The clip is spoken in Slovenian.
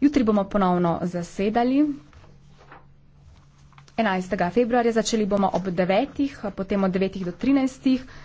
Jutri bomo ponovno zasedali. 11. februarja začeli bomo ob 9. potem od 9. do 13.